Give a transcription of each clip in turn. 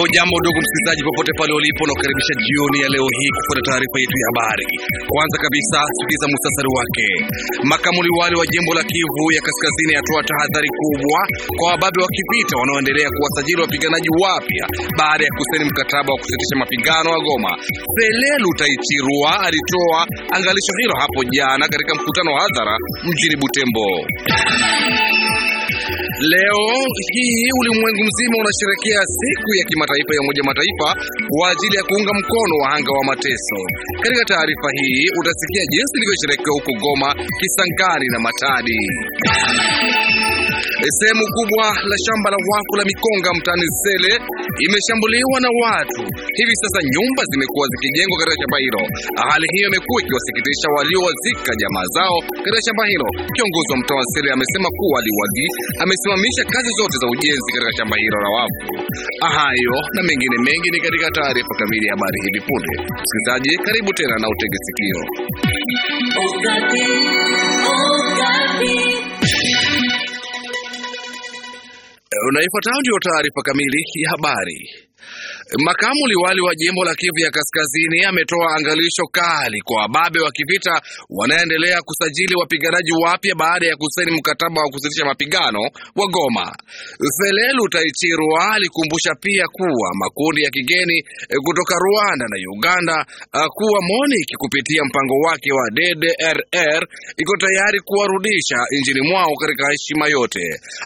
Hujambo ndugu msikilizaji, popote pale ulipo, na kukaribisha jioni ya leo hii kufuata taarifa yetu ya habari. Kwanza kabisa, sikiliza mustasari wake. Makamu liwali wa jimbo la Kivu ya Kaskazini atoa tahadhari kubwa kwa wababe wa kivita wanaoendelea kuwasajili wapiganaji wapya baada ya kusaini mkataba wa kusitisha mapigano wa Goma. Selelu Taichirwa alitoa angalisho hilo hapo jana katika mkutano wa hadhara mjini Butembo. Leo hii ulimwengu mzima unasherekea siku ya kimataifa ya Umoja Mataifa kwa ajili ya kuunga mkono wahanga wa mateso. Katika taarifa hii utasikia jinsi ilivyosherekewa huko Goma, Kisangani na Matadi. Sehemu kubwa la shamba la wafu la Mikonga mtaani Sele imeshambuliwa na watu. Hivi sasa nyumba zimekuwa zikijengwa katika shamba hilo. Hali hiyo imekuwa ikiwasikitisha waliowazika jamaa zao katika shamba hilo. Kiongozi wa mtaa wa Sele amesema kuwa aliwadi amesimamisha kazi zote za ujenzi katika shamba hilo la wafu Hayo na mengine mengi ni katika taarifa kamili ya habari hivi punde. Msikilizaji, karibu tena na utege sikio. ndio taarifa kamili ya habari. Makamu liwali wa jimbo la Kivu ya Kaskazini ametoa angalisho kali kwa wababe wa kivita wanaendelea kusajili wapiganaji wapya baada ya kusaini mkataba wa kusitisha mapigano wa Goma. Selelu Taichirwa alikumbusha pia kuwa makundi ya kigeni e, kutoka Rwanda na Uganda e, kuwa MONUC kupitia mpango wake wa DDRR iko tayari kuwarudisha nchini mwao katika heshima yote.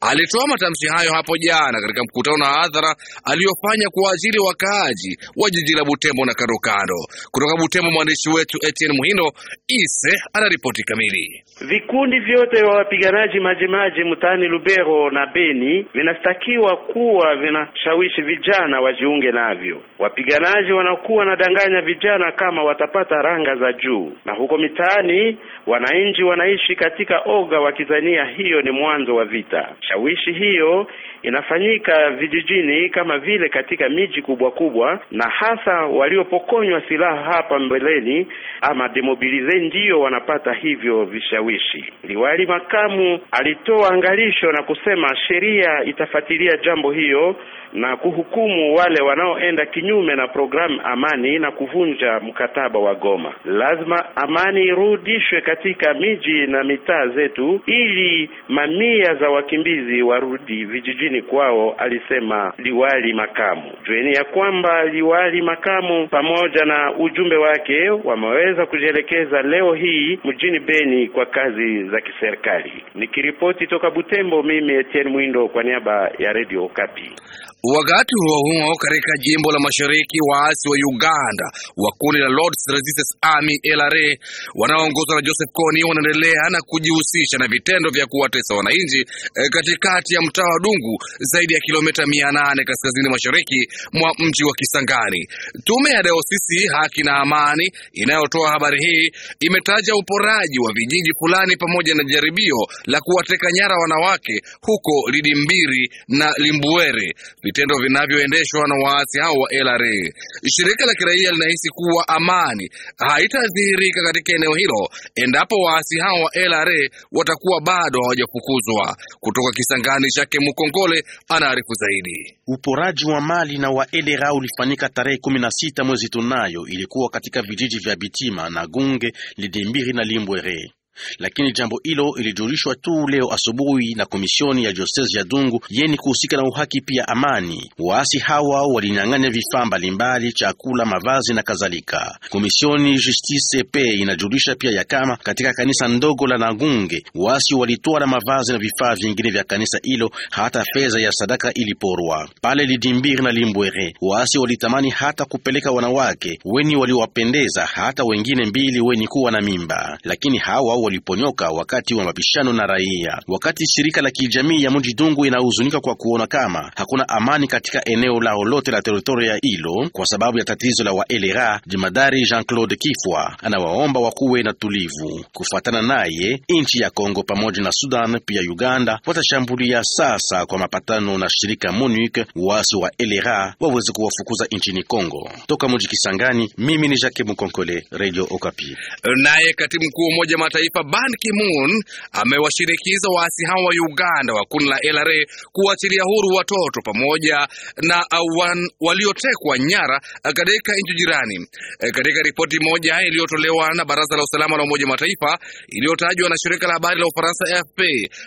Alitoa matamshi hayo hapo jana katika mkutano na hadhara aliyofanya kwa ajili wakaaji wa jiji la Butembo na kandokando Kutoka Butembo, mwandishi wetu Etienne Muhindo Ise ana ripoti kamili. Vikundi vyote vya wapiganaji majimaji mtaani Lubero na Beni vinastakiwa kuwa vinashawishi vijana wajiunge navyo. Wapiganaji wanakuwa wanadanganya vijana kama watapata ranga za juu, na huko mitaani wananchi wanaishi katika oga wakizania hiyo ni mwanzo wa vita. Shawishi hiyo inafanyika vijijini kama vile katika miji kubwa kubwa, na hasa waliopokonywa silaha hapa mbeleni ama demobilize, ndiyo wanapata hivyo vishawishi. Liwali makamu alitoa angalisho na kusema sheria itafuatilia jambo hiyo na kuhukumu wale wanaoenda kinyume na programu amani na kuvunja mkataba wa Goma. Lazima amani irudishwe katika miji na mitaa zetu ili mamia za wakimbizi warudi vijijini kwao, alisema liwali makamu. Jueni ya kwamba liwali makamu pamoja na ujumbe wake wameweza kujielekeza leo hii mjini Beni kwa kazi za kiserikali. Nikiripoti toka Butembo, mimi Etienne Mwindo kwa niaba ya Radio Kapi. Wakati huo huo, katika jimbo la mashariki, waasi wa Uganda wa kundi la Lord's Resistance Army LRA wanaoongozwa na Joseph Kony wanaendelea na kujihusisha na vitendo vya kuwatesa wananchi eh, katikati ya mtaa wa Dungu, zaidi ya kilomita 800 kaskazini mashariki mwa mji wa Kisangani. Tume ya Dayosisi Haki na Amani inayotoa habari hii imetaja uporaji wa vijiji fulani pamoja na jaribio la kuwateka nyara wanawake huko Lidimbiri na Limbuere vitendo vinavyoendeshwa na waasi hao wa LRA. Shirika la kiraia linahisi kuwa amani haitadhihirika katika eneo hilo endapo waasi hao wa LRA watakuwa bado hawajafukuzwa. Kutoka Kisangani, chake Mukongole anaarifu zaidi. Uporaji wa mali na wa LRA ulifanyika tarehe 16 mwezi tunayo, ilikuwa katika vijiji vya Bitima na Gunge, Lidimbiri na Limbwere lakini jambo hilo ilijulishwa tu leo asubuhi na komisioni ya Joseph dungu yeni kuhusika na uhaki pia amani. Waasi hawa walinyang'anya vifaa mbalimbali, chakula, mavazi na kadhalika. Komisioni Justice Pe inajulisha pia ya kama katika kanisa ndogo la Nagunge waasi walitoa na mavazi na vifaa vingine vya kanisa hilo, hata fedha ya sadaka iliporwa pale Lidimbiri na Limbwere. Waasi walitamani hata kupeleka wanawake weni waliwapendeza, hata wengine mbili weni kuwa na mimba, lakini hawa waliponyoka wakati wa mapishano na raia. Wakati shirika la kijamii ya mji Dungu inahuzunika kwa kuona kama hakuna amani katika eneo lao lote la teritoria hilo kwa sababu ya tatizo la waelera, jimadari Jean-Claude Kifwa anawaomba wakuwe na tulivu. Kufuatana naye, nchi ya Kongo pamoja na Sudan pia Uganda watashambulia sasa kwa mapatano na shirika MONUC waasi wa elera waweze kuwafukuza nchini Kongo. Toka mji Kisangani, mimi ni Jacques Mukonkole, Radio Okapi. Naye katibu mkuu wa Umoja Mataifa Kipa Ban Ki-moon amewashirikiza waasi hao wa Uganda wa kundi la LRA kuachilia huru watoto pamoja na uh, waliotekwa nyara uh, katika nchi jirani. Uh, katika ripoti moja iliyotolewa na Baraza la Usalama la Umoja Mataifa iliyotajwa na shirika la habari la Ufaransa AFP,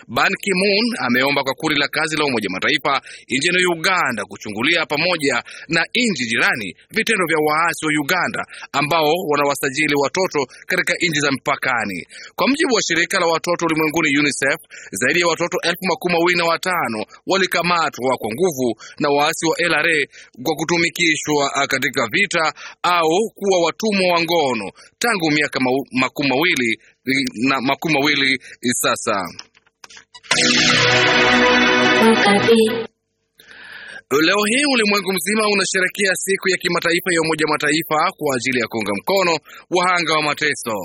Ban Ki-moon ameomba kwa kundi la kazi la Umoja Mataifa nchini Uganda kuchungulia pamoja na nchi jirani vitendo vya waasi wa Uganda ambao wanawasajili watoto katika nchi za mpakani. Kwa mjibu wa shirika la watoto ulimwenguni UNICEF, zaidi ya watoto elfu makumi mawili na watano walikamatwa kwa nguvu na waasi wa LRA kwa kutumikishwa katika vita au kuwa watumwa wa ngono tangu miaka makumi mawili na makumi mawili sasa. Leo hii ulimwengu mzima unasherekea siku ya kimataifa ya Umoja Mataifa kwa ajili ya kuunga mkono wahanga wa mateso.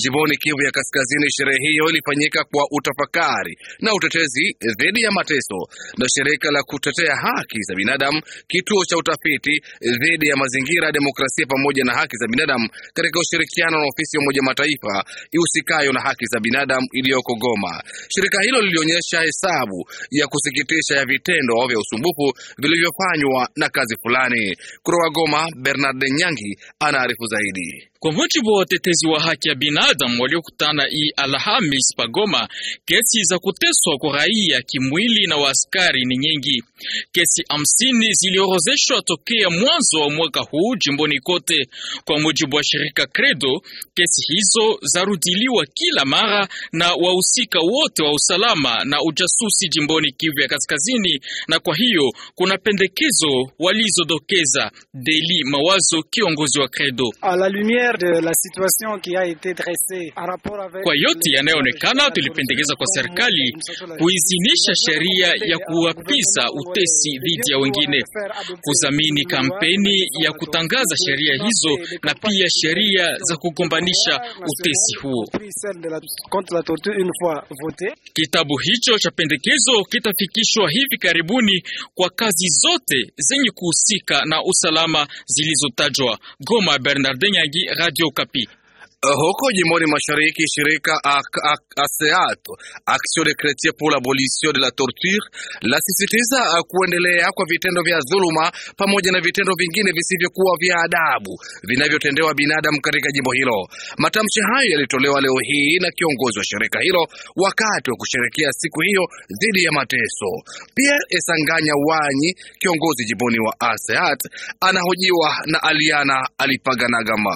Jimboni Kivu ya Kaskazini, sherehe hiyo ilifanyika kwa utafakari na utetezi dhidi ya mateso na shirika la kutetea haki za binadamu, kituo cha utafiti dhidi ya mazingira, demokrasia pamoja na haki za binadamu katika ushirikiano na ofisi ya Umoja Mataifa ihusikayo na haki za binadamu iliyoko Goma. Shirika hilo lilionyesha hesabu ya kusikitisha ya vitendo vya usumbufu vile vilivyofanywa na kazi fulani. Kutoka Goma, Bernard Nyangi anaarifu zaidi. Kwa mujibu wa watetezi wa haki ya binadamu waliokutana hii Alhamis pagoma, kesi za kuteswa kwa raia kimwili na waaskari ni nyingi. Kesi hamsini ziliorozeshwa tokea mwanzo wa mwaka huu jimboni kote. Kwa mujibu wa shirika Credo, kesi hizo zarudiliwa kila mara na wahusika wote wa usalama na ujasusi jimboni Kivu ya Kaskazini, na kwa hiyo kuna pendekezo walizodokeza. Deli Mawazo, kiongozi wa Credo: kwa yote yanayoonekana, tulipendekeza kwa serikali kuizinisha sheria ya kuwapiza utesi dhidi ya wengine, kuzamini kampeni ya kutangaza sheria hizo na pia sheria za kugombanisha utesi huo. Kitabu hicho cha pendekezo kitafikishwa hivi karibuni kwa kazi zote zenye kuhusika na usalama zilizotajwa. Goma, Bernardin Nyangi, Radio Kapi. Eh, huko jimboni mashariki shirika ASEAT Action de Chretien pour l'abolition de la torture lasisitiza eh, kuendelea kwa vitendo vya dhuluma pamoja na vitendo vingine visivyokuwa vya adabu vinavyotendewa binadamu katika jimbo hilo. Matamshi hayo yalitolewa leo hii na kiongozi wa shirika hilo wakati wa kusherekea siku hiyo dhidi ya mateso. Pierre Esanganya Wanyi, kiongozi jimboni wa ASEAT, anahojiwa na Aliana Alipaganagama.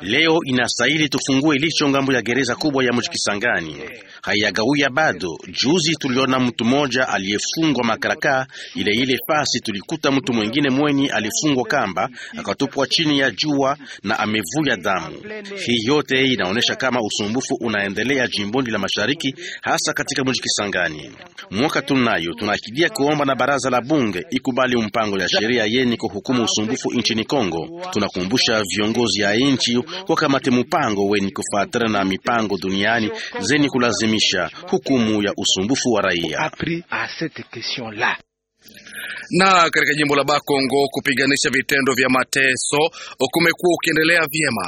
Leo inastahili tufungue licho ngambo ya gereza kubwa ya mji Kisangani, haiyagawia bado. Juzi tuliona mtu mmoja aliyefungwa makaraka ile ile, fasi tulikuta mtu mwingine mweni alifungwa kamba akatupwa chini ya jua na amevuja damu. Hii yote inaonyesha kama usumbufu unaendelea jimboni la mashariki, hasa katika mji Kisangani. Mwaka tunayo tunaakidia kuomba na baraza la bunge ikubali mpango ya sheria yenye kuhukumu usumbufu nchini nchini Kongo. Tunakumbusha viongozi ya nchi wakamate mpango weni kufuatana na mipango duniani zeni kulazimisha hukumu ya usumbufu wa raia. Na katika jimbo la Bakongo kupiganisha vitendo vya mateso kumekuwa ukiendelea vyema.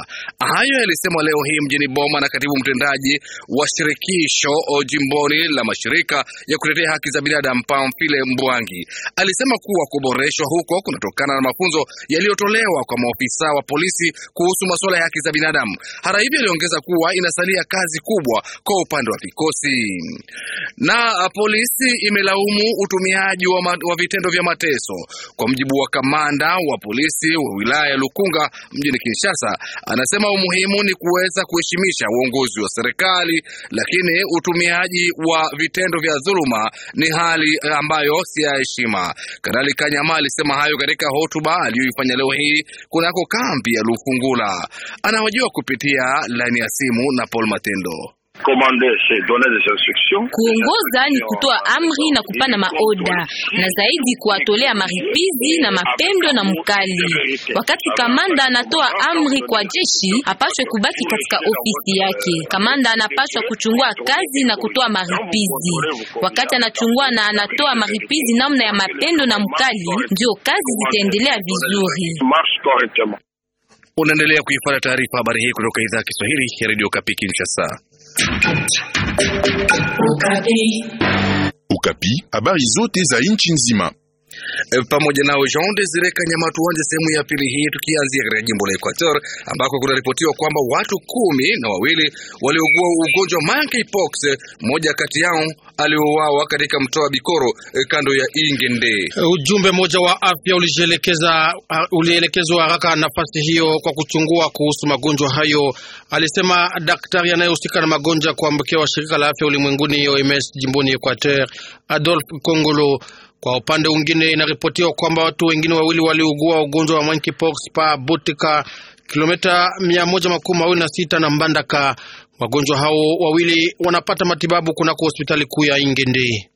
Hayo yalisemwa leo hii mjini Boma na katibu mtendaji wa shirikisho jimboni la mashirika ya kutetea haki za binadamu pamfile Mbwangi. Alisema kuwa kuboreshwa huko kunatokana na mafunzo yaliyotolewa kwa maofisa wa polisi kuhusu masuala ya haki za binadamu. Hata hivyo, aliongeza kuwa inasalia kazi kubwa kwa upande wa vikosi. Na polisi imelaumu utumiaji wa, wa vitendo vitendo vya mateso. Kwa mjibu wa kamanda wa polisi wa wilaya ya Lukunga mjini Kinshasa, anasema umuhimu ni kuweza kuheshimisha uongozi wa serikali, lakini utumiaji wa vitendo vya dhuluma ni hali ambayo si ya heshima. Kanali Kanyama alisema hayo katika hotuba aliyoifanya leo hii kunako kambi ya Lukungula. Anahojiwa kupitia laini ya simu na Paul Matendo. Kuongoza ni kutoa amri na kupana maoda, na zaidi kuwatolea maripizi na mapendo na mkali. Wakati kamanda anatoa amri kwa jeshi, apashwe kubaki katika ofisi yake. Kamanda anapaswa kuchungua kazi na kutoa maripizi. Wakati anachungua na anatoa maripizi namna ya mapendo na mkali, ndio kazi zitaendelea vizuri. Unaendelea kuifuata taarifa habari hii kutoka idhaa ya Kiswahili ya Radio Kapi Kinshasa. Okapi habari zote za nchi nzima E, pamoja nao Jean Desire Kanyama. Tuanze sehemu ya pili hii tukianzia katika jimbo la Equateur ambako kunaripotiwa kwamba watu kumi na wawili waliogua ugonjwa monkeypox, mmoja kati yao aliouawa katika mtoa Bikoro e, kando ya Ingende. Ujumbe mmoja wa afya ulielekeza ulielekezwa haraka nafasi hiyo kwa kuchungua kuhusu magonjwa hayo, alisema daktari anayehusika na magonjwa ya kuambukia wa shirika la afya ulimwenguni OMS jimboni Equateur Adolf Kongolo. Kwa upande mwingine, inaripotiwa kwamba watu wengine wawili waliugua ugonjwa wa monkeypox pa Butika, kilomita 126 na Mbandaka. Wagonjwa hao wawili wanapata matibabu kunako hospitali kuu ya Ingende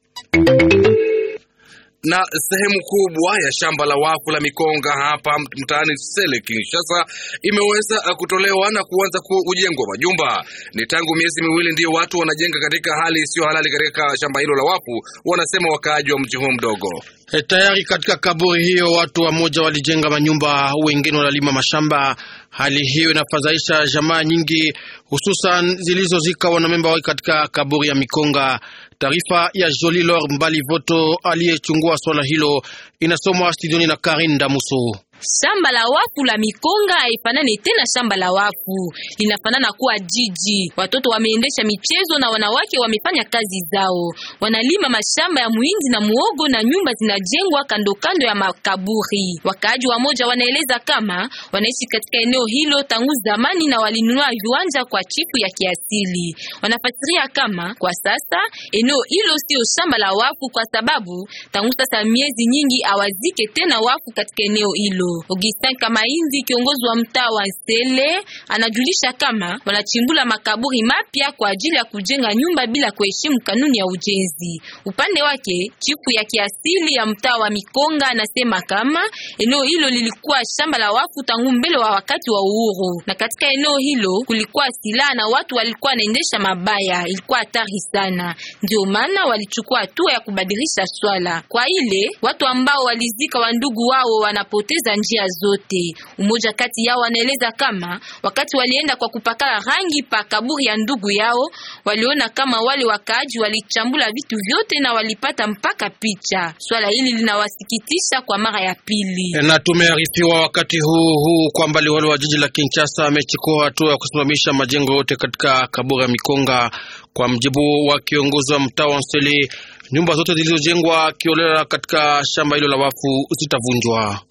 na sehemu kubwa ya shamba la wafu la Mikonga hapa mtaani Sele Kinshasa imeweza kutolewa na kuanza kujengwa majumba. Ni tangu miezi miwili ndiyo watu wanajenga katika hali isiyo halali katika shamba hilo la wafu, wanasema wakaaji wa mji huu mdogo. Eh, tayari katika kaburi hiyo watu wamoja walijenga manyumba, wengine walalima mashamba. Hali hiyo inafadhaisha jamaa nyingi, hususan zilizozika wanamemba wake katika kaburi ya Mikonga. Taarifa ya Jolilor Mbali Voto aliyechungua swala hilo inasomwa studioni na Karin damusu Shamba la wafu la Mikonga haifanani tena shamba la wafu, linafanana kuwa jiji. Watoto wameendesha michezo na wanawake wamefanya kazi zao, wanalima mashamba ya muhindi na muogo, na nyumba zinajengwa kando kando ya makaburi. Wakaaji wamoja wanaeleza kama wanaishi katika eneo hilo tangu zamani na walinunua viwanja kwa chifu ya kiasili. Wanafasiria kama kwa sasa eneo hilo sio shamba la wafu, kwa sababu tangu sasa miezi nyingi awazike tena wafu katika eneo hilo hilo. Augustin Kamainzi, kiongozi wa mtaa wa Nsele, anajulisha kama wanachimbula makaburi mapya kwa ajili ya kujenga nyumba bila kuheshimu kanuni ya ujenzi. Upande wake, chifu ya kiasili ya mtaa wa Mikonga anasema kama eneo hilo lilikuwa shamba la wafu tangu mbele wa wakati wa uhuru, na katika eneo hilo kulikuwa silaha na watu walikuwa wanaendesha mabaya. Ilikuwa hatari sana, ndio maana walichukua hatua ya kubadilisha swala kwa ile watu ambao walizika wandugu wao wanapoteza njia zote. Umoja kati yao anaeleza kama wakati walienda kwa kupakala rangi pa kaburi ya ndugu yao, waliona kama wale wakaaji walichambula vitu vyote na walipata mpaka picha. Swala hili linawasikitisha kwa mara ya pili. E, na tumearifiwa wakati huu huu kwamba liwali wa jiji la Kinshasa amechukua hatua ya kusimamisha majengo yote katika kaburi ya Mikonga. Kwa mjibu wa kiongozi wa mtaa wa Nseli, nyumba zote zilizojengwa kiolela katika shamba hilo la wafu zitavunjwa.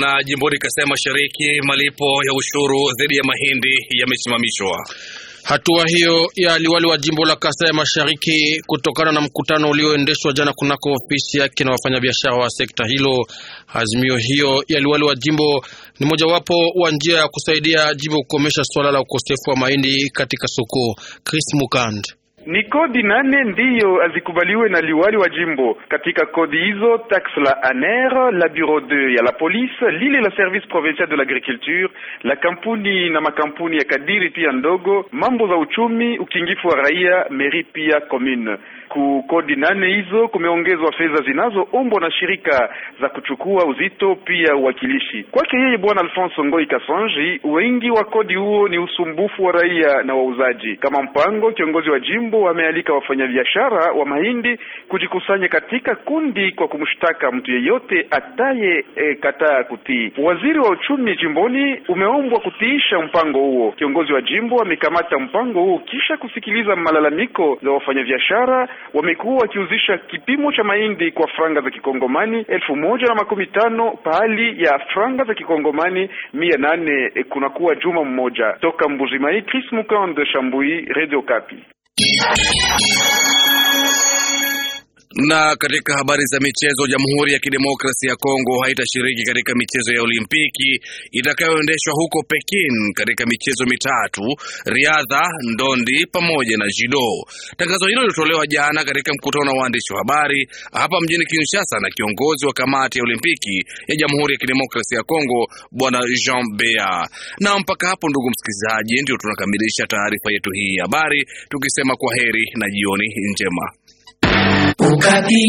Na jimboni Kasai Mashariki, malipo ya ushuru dhidi ya mahindi yamesimamishwa. Hatua hiyo ya liwali wa jimbo la Kasai Mashariki kutokana na mkutano ulioendeshwa jana kunako ofisi yake na wafanyabiashara wa sekta hilo. Azimio hiyo ya liwali wa jimbo ni mojawapo wa njia ya kusaidia jimbo kukomesha swala la ukosefu wa mahindi katika soko. Chris Mukand ni kodi nane ndiyo azikubaliwe na liwali wa jimbo. Katika kodi hizo taxe la ANER, la bureau de ya la police, lile la service provincial de l'agriculture, la kampuni na makampuni ya kadiri pia ndogo, mambo za uchumi, ukingifu wa raia, meri pia commune kukodi nane hizo kumeongezwa fedha zinazoombwa na shirika za kuchukua uzito pia uwakilishi. Kwake yeye Bwana Alfonso Ngoi Kasonji, wengi wa kodi huo ni usumbufu wa raia na wauzaji. Kama mpango, kiongozi wa jimbo amealika wafanyabiashara wa mahindi kujikusanya katika kundi kwa kumshtaka mtu yeyote ataye e, kataa kutii. Waziri wa uchumi jimboni umeombwa kutiisha mpango huo. Kiongozi wa jimbo amekamata mpango huo kisha kusikiliza malalamiko za wafanyabiashara wamekuwa wakiuzisha kipimo cha mahindi kwa franga za kikongomani elfu moja na makumi tano pahali ya franga za kikongomani mia nane eh, kunakuwa juma mmoja. Toka Mbuzimai, Chris Mukande, Shambui, Radio Kapi. Na katika habari za michezo, Jamhuri ya Kidemokrasia ya Kongo haitashiriki katika michezo ya Olimpiki itakayoendeshwa huko Pekin katika michezo mitatu: riadha, ndondi pamoja na judo. Tangazo hilo lilitolewa jana katika mkutano wa waandishi wa habari hapa mjini Kinshasa na kiongozi wa kamati ya Olimpiki ya Jamhuri ya Kidemokrasia ya Kongo Bwana Jean Bea. Na mpaka hapo, ndugu msikilizaji, ndio tunakamilisha taarifa yetu hii ya habari, tukisema kwa heri na jioni njema. Ducati.